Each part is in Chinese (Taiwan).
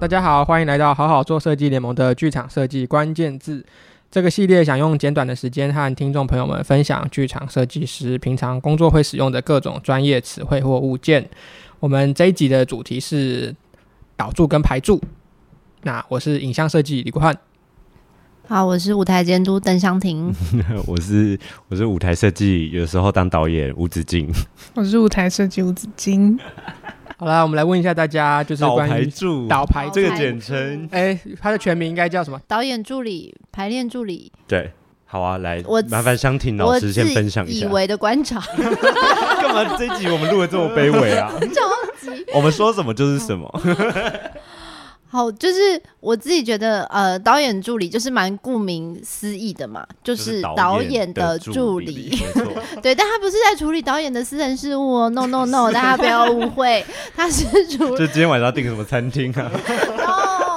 大家好，歡迎來到好好做設計聯盟的劇場設計關鍵字。這個系列想用簡短的時間和聽眾朋友們分享劇場設計師平常工作會使用的各種專業詞彙或物件。我們這一集的主題是導助跟排助。那我是影像設計李國漢。好，我是舞台監督鄧香婷。 我是我是舞台設計，有時候當導演吳子敬。我是舞台設計吳子敬。 好啦，我們來問一下大家，就是關於導助排助這個簡稱，哎、欸，它的全名應該叫什麼？導演助理、排練助理。對，好啊，來，我自麻煩香婷老師先分享一下我以為的觀察。幹 嘛這一集我們錄得這麼卑微啊？着急 級，我們說什麼就是什麼。 好，就是我自己覺得，呃，導演助理就是蠻顧名思義的嘛，就是導演的助理，對，但他不是在處理導演的私人事務哦 ，no no no， 大家不要誤會， 他是處理，就今天晚上訂什麼餐廳啊？ oh, okay.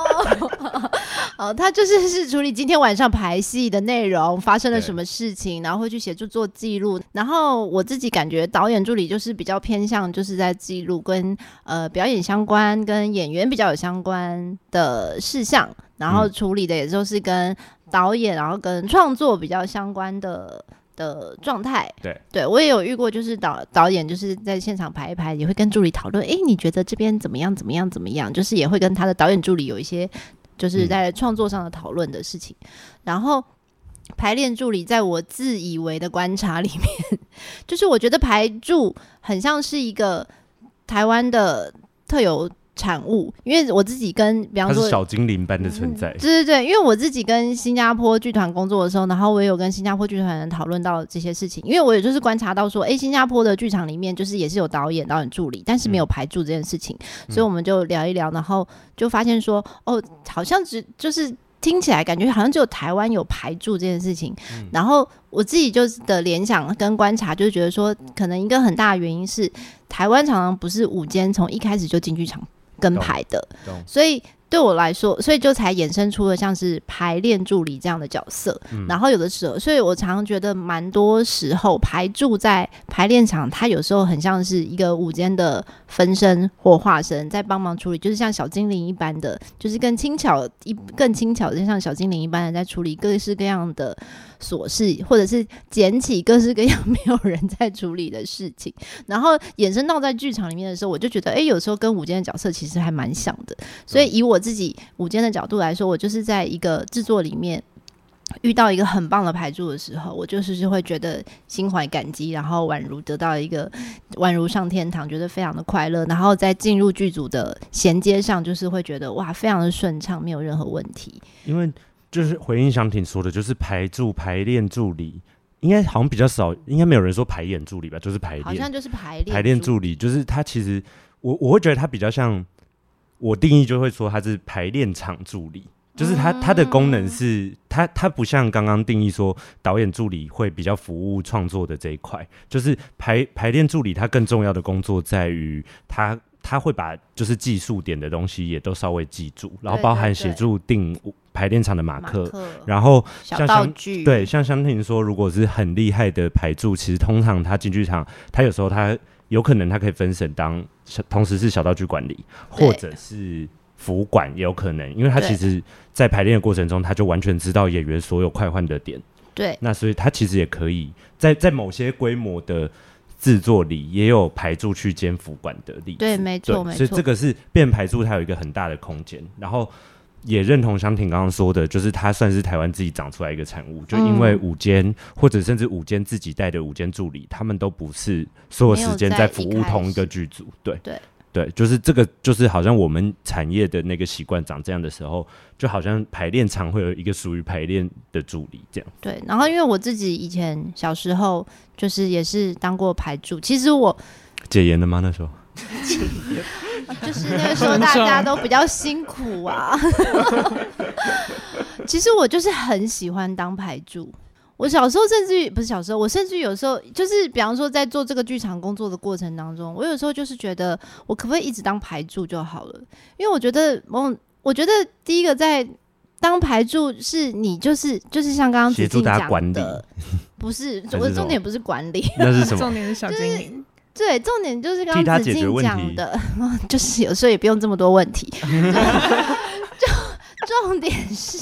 哦，他就是是處理今天晚上排戲的內容發生了什麼事情，對然後會去協助做記錄。然後我自己感覺導演助理就是比較偏向就是在記錄跟呃表演相關、跟演員比較有相關的事項，然後處理的也就是跟導演、然後跟創作比較相關的的狀態。對，對我也有遇過，就是導導演就是在現場排一排，也會跟助理討論，哎、欸，你覺得這邊怎麼樣？怎麼樣？怎麼樣？就是也會跟他的導演助理有一些。就是在創作上的討論的事情，嗯，然後排練助理，在我自以為的觀察裡面，就是我覺得排助很像是一個台灣的特有。產物，因為我自己跟比方說他是小精靈般的存在、嗯，對對對，因為我自己跟新加坡劇團工作的時候，然後我也有跟新加坡劇團人討論到這些事情，因為我也就是觀察到說，哎，新加坡的劇場裡面就是也是有導演、導演助理，但是沒有排助這件事情，嗯、所以我們就聊一聊，然後就發現說，哦，好像只就是聽起來感覺好像只有台灣有排助這件事情，嗯、然後我自己就是的聯想跟觀察，就是覺得說，可能一個很大的原因是台灣常常不是舞監從一開始就進劇場。跟排的，所以。對我來說，所以就才衍生出了像是排練助理這樣的角色。嗯、然後有的時候，所以我常覺得蠻多時候排助在排練場，他有時候很像是一個舞監的分身或化身，在幫忙處理，就是像小精靈一般的，就是更輕巧一更輕巧的，像小精靈一般的在處理各式各樣的瑣事，或者是撿起各式各樣沒有人在處理的事情。然後衍生到在劇場裡面的時候，我就覺得，哎、欸，有時候跟舞監的角色其實還蠻像的。所以以我。我自己舞監的角度來說，我就是在一個制作裡面遇到一個很棒的排助的時候，我就是會覺得心懷感激，然後宛如得到一個宛如上天堂，覺得非常的快樂。然後在進入劇組的銜接上，就是會覺得哇，非常的順暢，沒有任何問題。因為就是回應祥廷說的，就是排助、排練助理應該好像比較少，應該沒有人說排演助理吧？就是排練，好像就是排練、排練助理。就是他其實我我會覺得他比較像。我定義就會說他是排練場助理，就是他、嗯、他的功能是，他他不像剛剛定義說導演助理會比較服務創作的這一塊，就是排排練助理他更重要的工作在於他他會把就是技術點的東西也都稍微記住，然後包含協助定對對對排練場的馬克，馬克然後像相對像香婷說，如果是很厲害的排助，其實通常他進劇場他有時候他。有可能他可以分身當小，同時是小道具管理，對或者是服管，也有可能，因為他其實在排練的過程中，對他就完全知道演員所有快換的點。對，那所以他其實也可以在在某些規模的制作裡，也有排助去兼服管的例子。對，沒錯，沒錯。所以這個是變排助它，有一個很大的空間。然後。也認同香婷剛剛說的，就是他算是台灣自己長出來一個產物，就因為舞監、嗯、或者甚至舞監自己帶的舞監助理，他們都不是所有時間在服務同一個劇組，對對對，就是這個就是好像我們產業的那個習慣長這樣的時候，就好像排練場會有一個屬於排練的助理這樣，對。然後因為我自己以前小時候就是也是當過排助，其實我解嚴的嗎那時候？解嚴。 就是那個時候，大家都比較辛苦啊。 其實我就是很喜歡當排助，我小時候甚至不是小時候，我甚至有時候就是，比方說在做這個劇場工作的過程當中，我有時候就是覺得，我可不可以一直當排助就好了？因為我覺得，我我覺得第一個在當排助是你就是就是像剛剛自己講的，不是，是我的重點不是管理， 那是什麼？重點、就是小精靈。 對，重點就是剛剛子靖講的， 就是有時候也不用這麼多問題， 就重點是，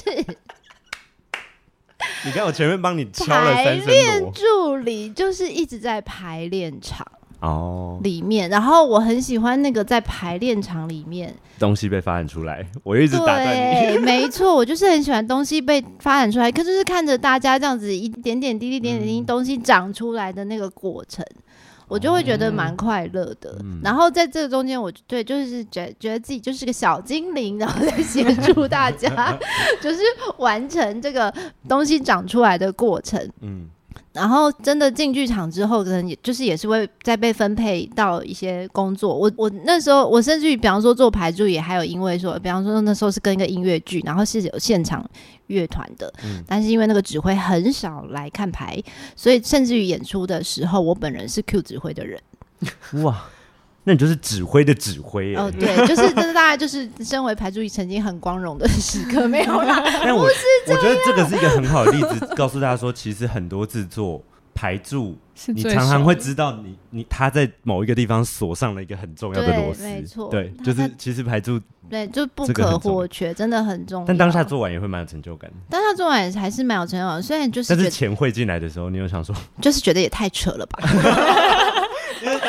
你看我前面幫你敲了三聲鑼，排練助理就是一直在排練場。哦，裡面，然後我很喜歡那個在排練場裡面，東西被發展出來，我一直打斷你對， 沒錯，我就是很喜歡東西被發展出來，可是就是看着大家這樣子一點點、滴滴、點點、滴東西長出來的那個過程，嗯、我就會覺得蠻快樂的。哦、然後在這中間，我對就是覺覺得自己就是個小精靈，然後在協助大家，嗯、 就是完成這個東西長出來的過程。嗯。然後真的進劇場之後，可能也就是也是會再被分配到一些工作。我我那時候，我甚至於，比方說做排助，也還有因為說，比方說那時候是跟一個音樂劇，然後是有現場樂團的，但是因為那個指揮很少來看排，所以甚至於演出的時候，我本人是 Q 指揮的人。哇！那你就是指揮的指揮，哦，對，就是就是大家就是身為排助，曾經很光榮的時刻沒有啦， 但我是，我覺得這個是一個很好的例子， 告訴大家說，其實很多制作排助，是的你常常會知道你，你你他在某一個地方鎖上了一個很重要的螺絲，對，沒錯，對，就是其實排助對就不可或缺，真的很重要。但當下做完也會蠻有成就感的。當下做完也還是蠻有成就感，雖然就是但是錢匯進來的時候，你又想說，就是覺得也太扯了吧。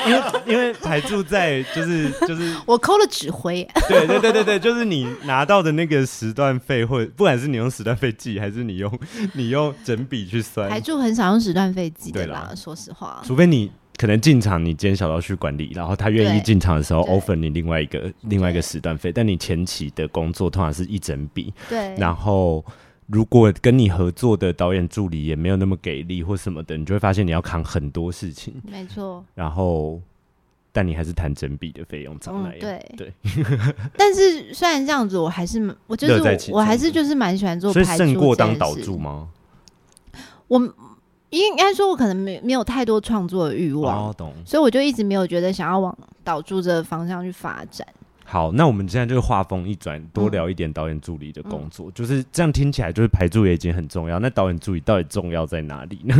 因為因為排助在就是就是我摳了指揮，對對對對對，就是你拿到的那個時段費，或不管是你用時段費記，還是你用你用整筆去算，排助很少用時段費記的吧？說實話，除非你可能進場，你兼小到去管理，然後他願意進場的時候 offer 你另外一個另外一個時段費，但你前期的工作通常是一整筆，對，然後。如果跟你合作的導演助理也沒有那麼給力或什麼的，你就會發現你要扛很多事情。沒錯錯。然後，但你還是談整筆的費用怎麼樣？對對。對 但是雖然這樣子，我還是我就是我，我還是就是蠻喜歡做，所以勝過當導助嗎？我應該說，我可能沒沒有太多創作的欲望，哦，所以我就一直沒有覺得想要往導助這個方向去發展。好，那我們現在就是畫風一轉，多聊一點導演助理的工作。嗯、就是這樣聽起來，就是排助也已經很重要。那導演助理到底重要在哪裡呢？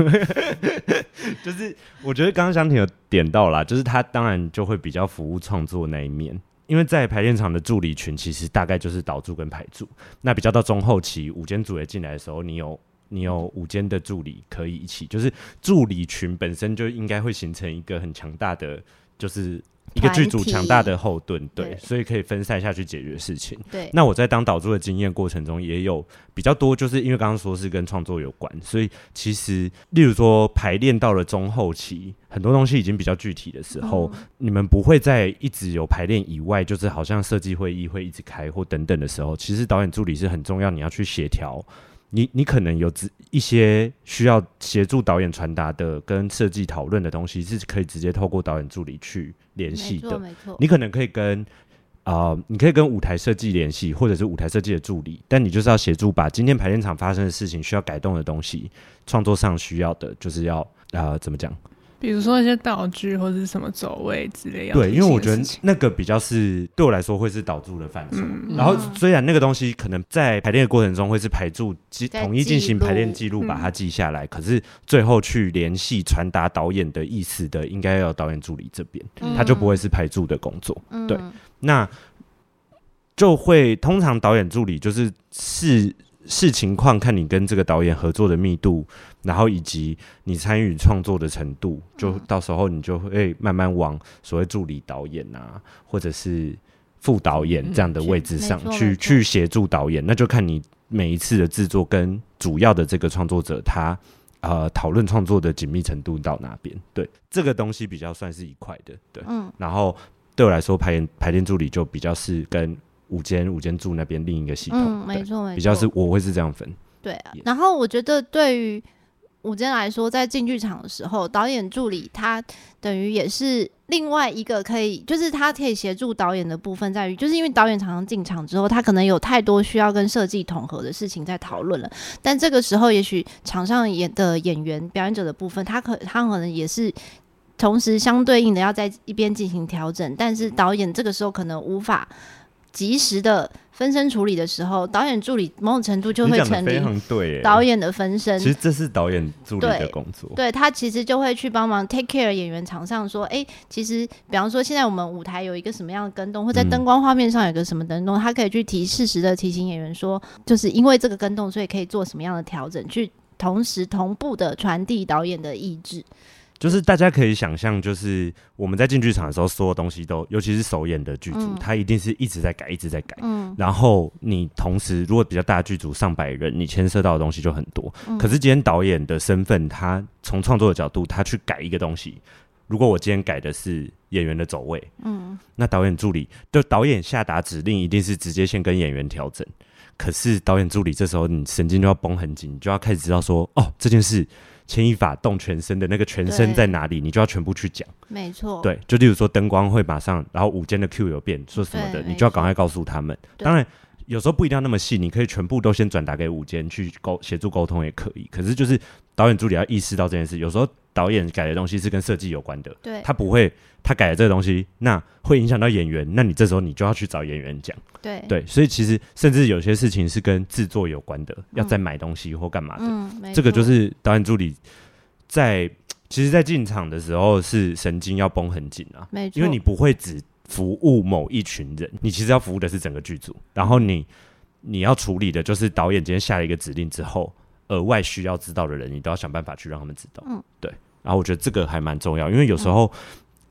就是我覺得剛剛香婷有點到了，就是他當然就會比較服務創作那一面，因為在排練場的助理群其實大概就是導助跟排助。那比較到中後期舞監組也進來的時候，你有你有舞監的助理可以一起，就是助理群本身就應該會形成一個很強大的，就是。一個劇組強大的後盾、團體。對，所以可以分散下去解決事情。對，那我在當導助的經驗過程中，也有比較多，就是因為剛剛說是跟創作有關，所以其實，例如說排練到了中後期，很多東西已經比較具體的時候，嗯、你們不會在一直有排練以外，就是好像設計會議會一直開或等等的時候，其實導演助理是很重要，你要去協調。你你可能有只一些需要協助導演傳達的跟設計討論的東西，是可以直接透過導演助理去聯繫的。你可能可以跟啊、呃，你可以跟舞台設計聯繫，或者是舞台設計的助理。但你就是要協助把今天排練場發生的事情、需要改動的東西、創作上需要的，就是要啊、呃，怎麼講？比如說一些道具或者是什麼走位之類的，對，因為我覺得那個比較是對我來說會是導助的範疇。嗯、然後雖然那個東西可能在排練的過程中會是排助記錄，統一進行排練記錄，把它記下來。嗯、可是最後去聯繫傳達導演的意思的，應該要有導演助理這邊，嗯、他就不會是排助的工作。嗯、對，那就會通常導演助理就是視視情況看你跟這個導演合作的密度。然後以及你參與創作的程度，就到時候你就會慢慢往所謂助理導演啊，嗯、或者是副導演這樣的位置上、嗯、去去,去協助導演。沒錯。那就看你每一次的制作跟主要的這個創作者他呃討論創作的緊密程度到哪邊。對這個東西比較算是一塊的。對，嗯。然後對我來說排練排練助理就比較是跟舞監舞監組那邊另一個系統，嗯，沒錯、對、沒錯。比較是、沒錯、我會是這樣分。對、啊，Yeah。然後我覺得對於。我今天來說，在進劇場的時候，導演助理他等於也是另外一個可以，就是他可以協助導演的部分在於，就是因為導演常常進場之後，他可能有太多需要跟設計統合的事情在討論了。但這個時候，也許場上演的演員、表演者的部分，他可他可能也是同時相對應的要在一邊進行調整，但是導演這個時候可能無法。及時的分身處理的時候，導演助理某種程度就會成立。對，導演的分身的、欸、其實這是導演助理的工作。對，對他其實就會去幫忙 take care 演員場上說，哎、欸，其實比方說現在我們舞台有一個什麼樣的跟動，或在燈光畫面上有個什麼跟動，嗯、他可以去提適時的提醒演員說，就是因為這個跟動，所以可以做什麼樣的調整，去同時同步的傳遞導演的意志。就是大家可以想象，就是我們在進劇場的時候，所有的東西都，尤其是首演的劇組，它、嗯、一定是一直在改，一直在改。嗯。然後你同時如果比較大劇組上百人，你牽涉到的東西就很多。嗯、可是今天導演的身份，他從創作的角度，他去改一個東西。如果我今天改的是演員的走位，嗯，那導演助理就導演下達指令，一定是直接先跟演員調整。可是導演助理這時候你神經就要繃很緊，你就要開始知道說，哦，這件事。牽一法動全身的那個全身在哪裡，你就要全部去講。沒錯，對，就例如說燈光會馬上，然後五間的 Q 有變，說什麼的，你就要趕快告訴他們。當然，有時候不一定要那麼細，你可以全部都先轉達給五間去溝協助溝通也可以。可是就是導演助理要意識到這件事，有時候。導演改的東西是跟設計有關的，對，他不會他改了這個東西，那會影響到演員，那你這時候你就要去找演員講，對，對所以其實甚至有些事情是跟製作有關的，嗯、要再買東西或幹嘛的，嗯、這個就是導演助理在其實，在進場的時候是神經要繃很緊啊，沒錯，因為你不會只服務某一群人，你其實要服務的是整個劇組，然後你你要處理的就是導演今天下了一個指令之後。額外需要知道的人，你都要想辦法去讓他們知道。嗯，對。然後我覺得這個還蠻重要，因為有時候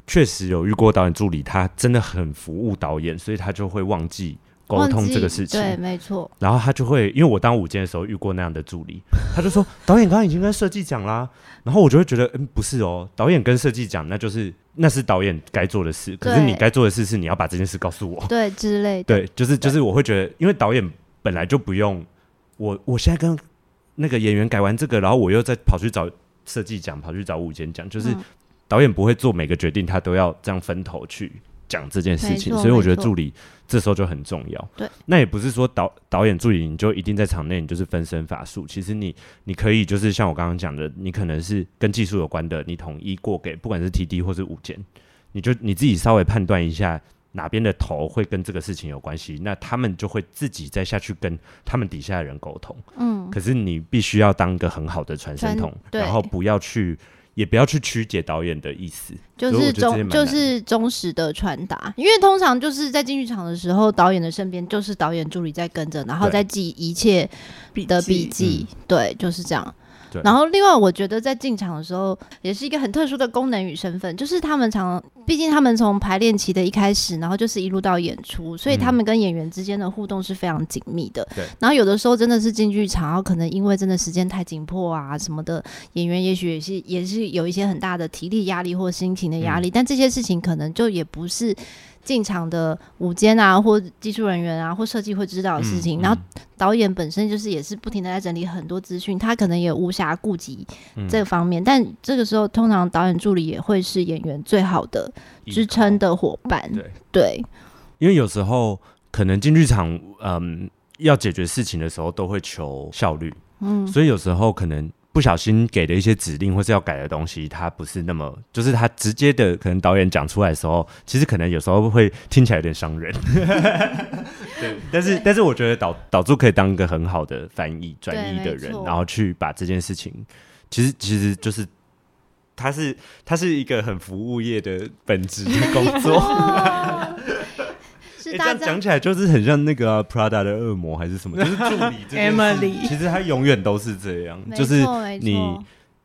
確、嗯、實有遇過導演助理，他真的很服務導演，所以他就會忘記溝通記這個事情。對，沒錯。然後他就會，因為我當舞監的時候遇過那樣的助理，他就說 導演剛剛已經跟設計講啦，然後我就會覺得，嗯，不是哦，導演跟設計講，那就是那是導演該做的事，對可是你該做的事是你要把這件事告訴我，對之類的。對，就是就是，我會覺得，因為導演本來就不用我，我現在跟。那個演員改完這個，然後我又再跑去找設計講，跑去找舞監講，就是導演不會做每個決定，他都要這樣分頭去講這件事情，錯所以我覺得助理這時候就很重要。對，那也不是說導導演助理你就一定在場內，你就是分身乏術。其實你你可以就是像我剛剛講的，你可能是跟技術有關的，你統一過給，不管是 TD 或是舞監，你就你自己稍微判斷一下，哪邊的頭會跟這個事情，有關係，那他們就會自己再下去跟他們底下的人溝通。嗯，可是你必須要當一個很好的傳聲筒，然後不要去，也不要去曲解導演的意思，就是忠，就是忠實的傳達。因為通常就是在進劇場的時候，導演的身邊就是導演助理在跟着，然後再記一切的筆記，對，筆記嗯、對，就是這樣。然後，另外我覺得在進場的時候，也是一個很特殊的功能與身份，就是他們常，畢竟他們從排練期的一開始，然後就是一路到演出，所以他們跟演員之間的互動是非常緊密的。嗯、然後有的時候真的是進劇場，然後可能因為真的時間太緊迫啊什麼的，演員也許也是也是有一些很大的體力壓力或心情的壓力，嗯、但這些事情可能就也不是。進場的舞監啊，或技術人員啊，或設計會知道的事情。嗯、然後導演本身就是也是不停的在整理很多資訊，嗯、他可能也無暇顧及這個方面。嗯、但這個時候，通常導演助理也會是演員最好的支撐的夥伴。對，對因為有時候可能進劇場，嗯，要解決事情的時候都會求效率。嗯，所以有時候可能。不小心給的一些指令或是要改的東西，他不是那麼，就是他直接的，可能導演講出來的時候，其實可能有時候會聽起來有點傷人。 對，但是對但是我覺得導導助可以當一個很好的翻譯、轉譯的人，對然後去把這件事情，對其實，錯其實其實就是，他是他是一個很服務業的本質的工作。 欸、這樣講起來就是很像那個、啊、Prada 的惡魔，還是什麼？就是助理這件事 其實他永遠都是這樣， 就是你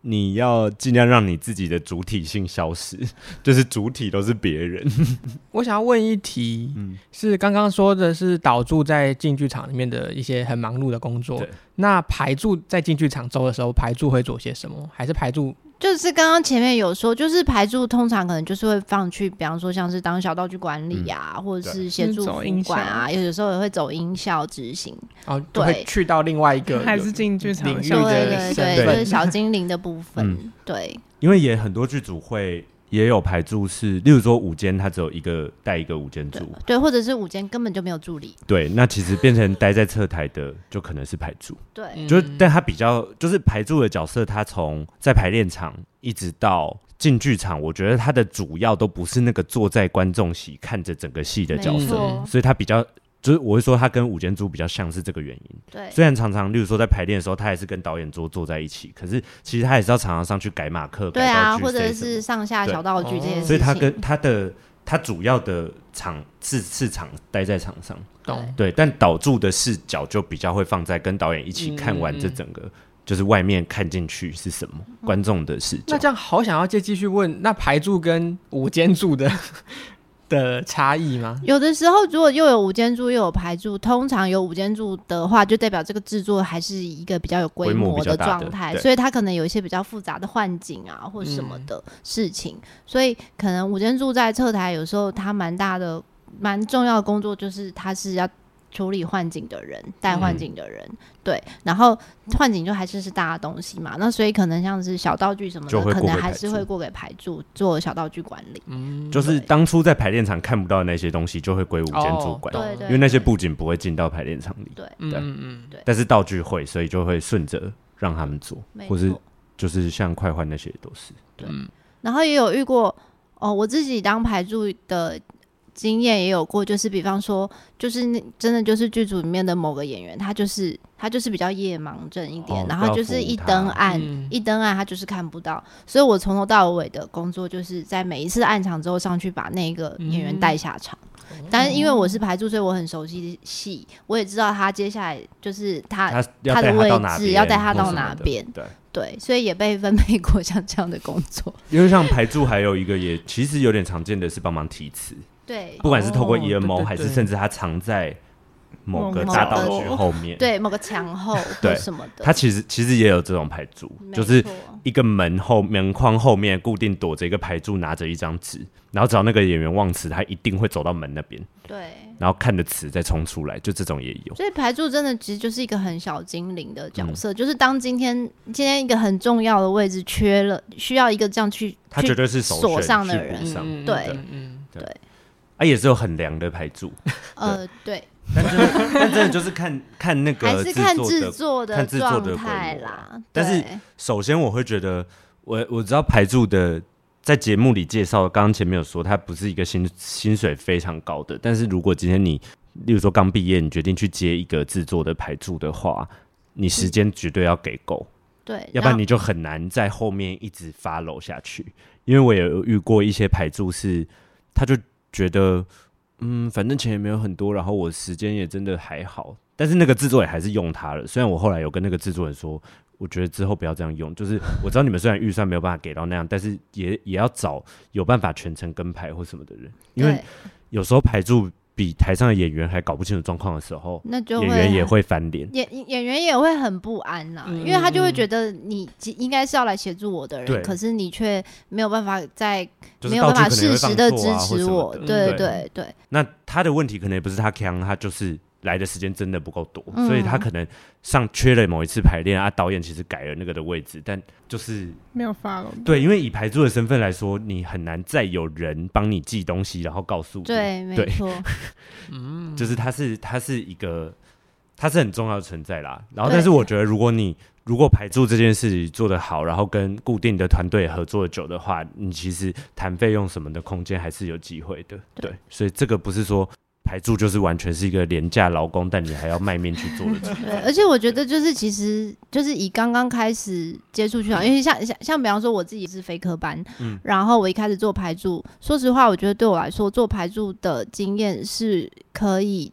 你要儘量讓你自己的主體性消失，就是主體都是別人。 我想要問一題，嗯、是剛剛說的是導助在進劇場裡面的一些很忙碌的工作，對那排助在進劇場周的時候，排助會做些什麼？還是排助？就是剛剛前面有說，就是排助通常可能就是會放去，比方說像是當小道具管理啊，嗯、或者是協助副管啊，有的時候也會走音效執行哦，對，去到另外一個還是進劇場，對對對，就是小精靈的部分，對， 嗯、對，因為也很多劇組會。也有排助，是，例如說舞監，他只有一個帶一個舞監助，對，或者是舞監根本就沒有助理，對，那其實變成待在側台的就可能是排助， 對，就但他比較就是排助的角色，他從在排練場一直到進劇場，我覺得他的主要都不是那個坐在觀眾席看着整個戲的角色，錯所以他比較。就是我會說他跟舞監助比較像是這個原因。對，雖然常常，例如說在排練的時候，他也是跟導演桌坐在一起，可是其實他也是要常常上去改馬克，對啊，或者是上下小道具這些事。所以他，他跟他的他主要的場是是場待在場上。對，對，但導助的視角就比較會放在跟導演一起看完這整個，嗯、就是外面看進去是什麼、嗯、觀眾的視角。那這樣好想要再繼續問，那排助跟舞監助的？ 的差異嗎？有的時候，如果又有舞監助，又有排助，通常有舞監助的話，就代表這個制作還是一個比較有規模的狀態，所以它可能有一些比較複雜的換景啊，或什麼的事情。嗯、所以可能舞監助在側台有時候它蠻大的，蠻重要的工作就是它是要。處理換景的人，帶換景的人，對，然後換景就還是是大東西嘛，那所以可能像是小道具什麼的，可能還是會過給排助做小道具管理。嗯，就是當初在排練場看不到那些東西，就會歸舞監主管，對對，因為那些布景不會進到排練場裡，對，嗯嗯對。但是道具會，所以就會順着讓他們做，或是就是像快換那些都是。對，然後也有遇過，哦，我自己當排助的。經驗也有過，就是比方說，就是那真的就是劇組裡面的某個演員，他就是他就是比較夜盲症一點，哦、然後就是一燈暗、嗯、一燈暗，他就是看不到。所以我從頭到尾的工作，就是在每一次暗場之後上去把那個演員帶下場。嗯、但是因為我是排助，所以我很熟悉戲，我也知道他接下來就是他他的位置要帶他到哪邊，對對，所以也被分配過像這樣的工作。 因為像排助還有一個也其實有點常見的是幫忙提詞。對，不管是透過 E M O，還是甚至他藏在某個大道具後面，對，某個牆後，對什麼的，他其實其實也有這種排助，就是一個門後門框後面固定躲着一個排助，拿着一張紙，然後只要那個演員忘詞，他一定會走到門那邊，對，然後看着詞再衝出來，就這種也有。所以排助真的其實就是一個很小精靈的角色，就是當今天今天一個很重要的位置缺了，需要一個這樣去，他絕對是鎖上的人，對，嗯，對。它也是有很涼的排助，呃，對，對但是但真的就是看 看那個製作的看製作的台啦。但是首先我會覺得，我我知道排助的在節目裡介紹，剛剛前面有說，它不是一個薪薪水非常高的。但是如果今天你，例如說剛畢業，你決定去接一個製作的排助的話，你時間絕對要給夠，嗯，對，要不然你就很難在後面一直 follow 下去。樣因為我有遇過一些排助是，他就。覺得嗯，反正錢也沒有很多，然後我時間也真的還好，但是那個製作也還是用他了。雖然我後來有跟那個製作人說，我覺得之後不要這樣用，就是我知道你們雖然預算沒有辦法給到那樣， 但是也也要找有辦法全程跟排或什麼的人，因為有時候排助。比台上的演員還搞不清楚狀況的時候，那就會，演員也會翻臉，演演員也會很不安吶、啊，嗯、因為他就會覺得你應該是要來協助我的人，對可是你卻沒有辦法在沒有辦法適時的支持我，對、啊、對對對。對對，那他的問題可能也不是他強，他就是。來的時間真的不夠多，嗯、所以他可能上缺了某一次排練啊。導演其實改了那個的位置，但就是沒有發了。對，因為以排助的身份來說，你很難再有人幫你寄東西，然後告訴你。對，沒錯。嗯，就是他是，他是一個，他是很重要的存在啦。然後，但是我覺得，如果你對如果排助這件事做得好，然後跟固定的團隊合作久的話，你其實談費用什麼的空間還是有機會的。對,對，所以這個不是說。排助就是完全是一個廉價勞工，但你還要賣命去做的職 而且我覺得，就是其實對就是以剛剛開始接觸劇場，嗯、因為像像像，比方說我自己是非科班，嗯、然後我一開始做排助，說實話，我覺得對我來說做排助的經驗是可以。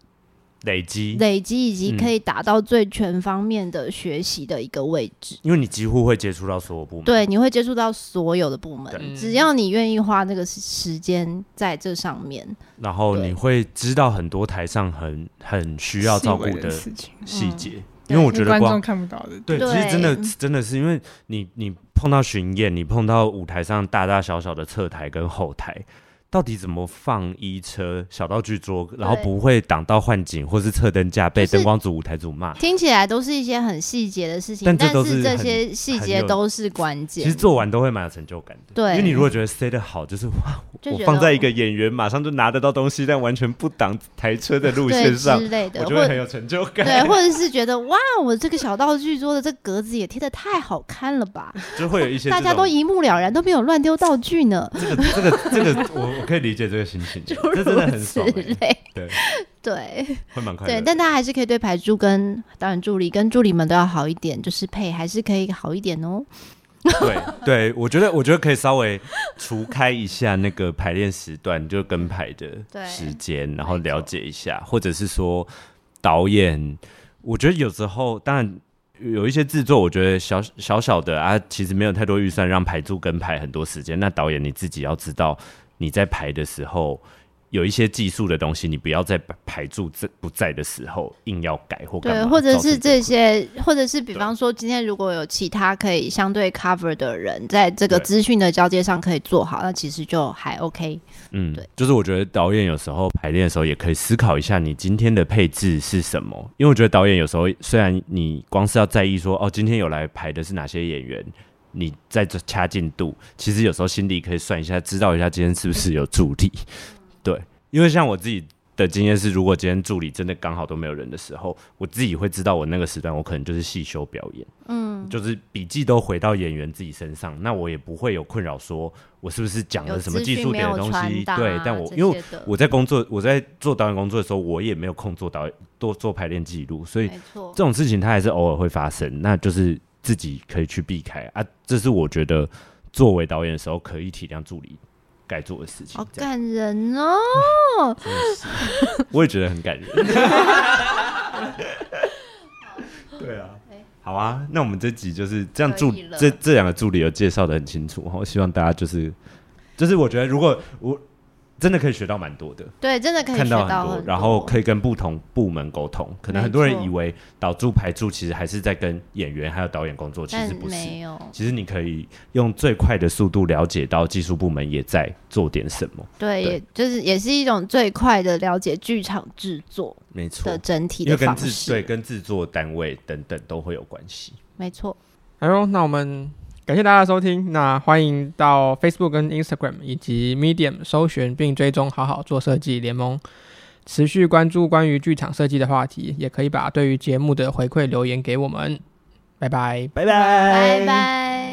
累積、累積以及可以達到最全方面的學習的一個位置、嗯，因為你幾乎會接觸到所有部門，對，你會接觸到所有的部門，嗯、只要你願意花那個時間在這上面。然後你會知道很多台上很很需要照顧的，的事情細節，嗯、因為我覺得觀眾看不到的。對，其實對，真的真的是因為你你碰到巡演，你碰到舞台上大大小小的側台跟後台。到底怎麼放衣車小道具桌，對然後不會擋到換景，或是側燈架被燈光組、舞台組罵？聽起來都是一些很細節的事情，但，這都是但是這些細節都是關鍵。其實做完都會蠻有成就感的，對。因為你如果覺得塞得好，就是哇，我放在一個演員馬上就拿得到東西，但完全不擋台車的路線上之類的，我就會很有成就感。對，或者是覺得哇，我這個小道具桌的這個格子也貼得太好看了吧？ 就會有一些大家都一目了然，都沒有亂丟道具呢。這個，這個，這個我。 我可以理解這個心情，這真的很爽欸。對對，會蠻快。對，但大家還是可以對排助跟導演助理跟助理們都要好一點，就是配還是可以好一點哦喔。對對，我覺得我覺得可以稍微除開一下那個排練時段， 就跟排的時間，然後了解一下，對或者是說導演，我覺得有時候當然有一些製作，我覺得小小小的啊，其實沒有太多預算讓排助跟排很多時間。那導演你自己要知道。你在排的時候有一些技術的東西，你不要在排助這不在的時候硬要改或改，或者是這些，或者是比方說今天如果有其他可以相對 cover 的人，在這個資訊的交接上可以做好，對那其實就還 OK。嗯，對，就是我覺得導演有時候排練的時候也可以思考一下，你今天的配置是什麼，因為我覺得導演有時候雖然你光是要在意說哦，今天有來排的是哪些演員。你在這掐進度，其實有時候心裡可以算一下，知道一下今天是不是有助理。嗯、對，因為像我自己的經驗是，如果今天助理真的剛好都沒有人的時候，我自己會知道我那個時段我可能就是細修表演，嗯，就是筆記都回到演員自己身上，那我也不會有困擾，說我是不是講了什麼技術點的東西？啊、對，但我因為我在工作，我在做導演工作的時候，我也沒有空做導演，多做排練記錄，所以這種事情它還是偶爾會發生，那就是。自己可以去避開啊，這是我覺得作為導演的時候可以體諒助理該做的事情。好感人哦， 我也覺得很感人。 對啊，好啊，那我們這集就是這樣，助了這這兩個助理有介紹的很清楚，我希望大家就是，就是我覺得如果我。真的可以學到蠻多的，對，真的可以學到很多，然後可以跟不同部門溝通。錯可能很多人以為導助排助其實還是在跟演員還有導演工作，但 其實不是。沒有其實你可以用最快的速度了解到技術部門也在做點什麼。對，對，也就是也是一種最快的了解劇場製作沒錯的整體的方式跟，對，跟製作單位等等都會有關係。沒錯，好、哎，那我們，感謝大家的收聽，那歡迎到 Facebook 跟 Instagram 以及 Medium 搜尋並追蹤“好好做設計聯盟”，持續關注關於劇場設計的話題，也可以把對於節目的回饋留言給我們，拜拜拜拜拜拜。拜拜拜拜。